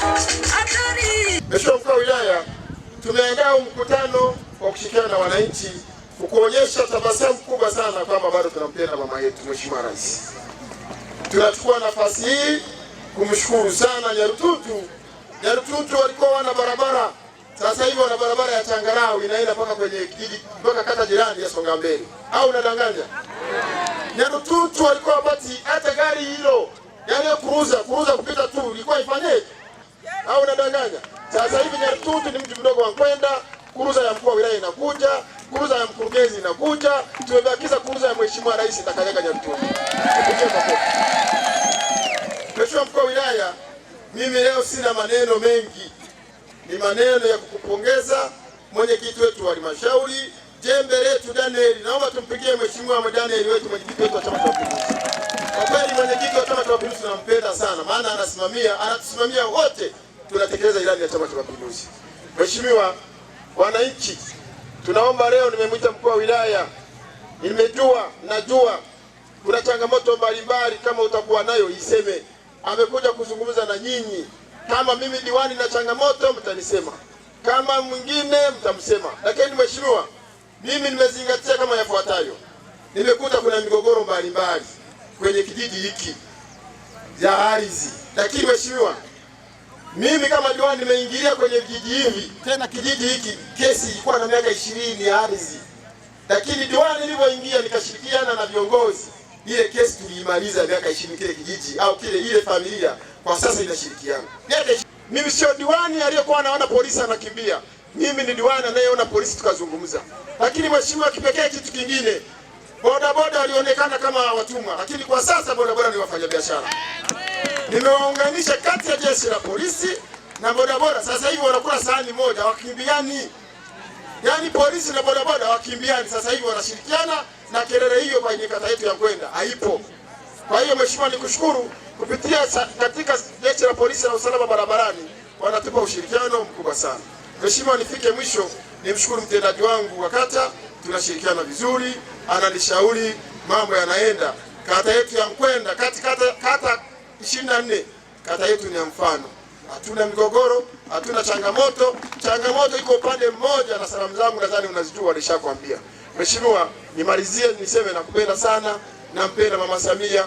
Mheshimiwa Mkuu wa Wilaya, tumeandaa mkutano wa kushirikiana na wananchi kukuonyesha tabasamu kubwa sana kwamba bado tunampenda mama yetu Mheshimiwa Rais. Tunachukua nafasi hii kumshukuru sana Nyarututu. Nyarututu walikuwa wana barabara, sasa hivi wana barabara ya changarawi inaenda mpaka kwenye kijiji mpaka kata jirani ya Songambele, au nadanganya? Nyarututu walikuwa wapati hata gari hilo, yaani kuruza kuruza kupita tu ilikuwa ifanyeje? au nadanganya? Sasa hivi Nyarututu ni mji mdogo wa kwenda, kuruza ya mkuu wa wilaya inakuja, kuruza ya mkurugenzi inakuja, tumebakiza kuruza ya mheshimiwa rais itakanyaga Nyarututu. Mheshimiwa mkuu wa wilaya, mimi leo sina maneno mengi, ni maneno ya kukupongeza mwenyekiti wetu wa halmashauri jembe letu Daniel, naomba tumpigie mheshimiwa Daniel wetu mwenyekiti wetu wa Chama cha Mapinduzi. Kwa kweli mwenyekiti wa Chama cha Mapinduzi tunampenda sana, maana anasimamia, anatusimamia wote tunatekeleza ilani ya Chama cha Mapinduzi. Mheshimiwa, wananchi, tunaomba leo, nimemwita mkuu wa wilaya, nimejua, najua kuna changamoto mbalimbali, kama utakuwa nayo iseme. Amekuja kuzungumza na nyinyi. Kama mimi diwani na changamoto, mtanisema, kama mwingine mtamsema, lakini mheshimiwa, mimi nimezingatia kama yafuatayo. Nimekuta kuna migogoro mbalimbali kwenye kijiji hiki ya ardhi, lakini mheshimiwa mimi kama diwani nimeingilia kwenye vijiji hivi, tena kijiji hiki kesi ilikuwa na miaka ishirini ya ardhi, lakini diwani nilivyoingia nikashirikiana na viongozi, ile kesi tuliimaliza miaka ishirini kile kijiji au kile ile familia, kwa sasa inashirikiana. Mimi sio diwani aliyekuwa anaona polisi anakimbia, mimi ni diwani anayeona polisi tukazungumza. Lakini mheshimiwa, kipekee kitu kingine Bodaboda walionekana kama watumwa, lakini kwa sasa bodaboda ni wafanyabiashara. Nimewaunganisha kati ya jeshi la polisi na bodaboda, sasa hivi wanakula sahani moja, wakimbiani. Yaani polisi na bodaboda wakimbiani, sasa hivi wanashirikiana, na kelele hiyo kwenye kata yetu ya Nkwenda haipo. Kwa hiyo Mheshimiwa, nikushukuru kupitia katika jeshi la polisi na usalama barabarani, wanatupa ushirikiano mkubwa sana. Mheshimiwa, nifike mwisho nimshukuru mtendaji wangu wa kata tunashirikiana vizuri, ananishauri mambo yanaenda. Kata yetu ya Mkwenda kati kata, kata 24 kata yetu ni ya mfano, hatuna migogoro, hatuna changamoto. Changamoto iko upande mmoja, na salamu zangu nadhani unazijua, alishakwambia Mheshimiwa. Nimalizie niseme nakupenda sana, nampenda Mama Samia.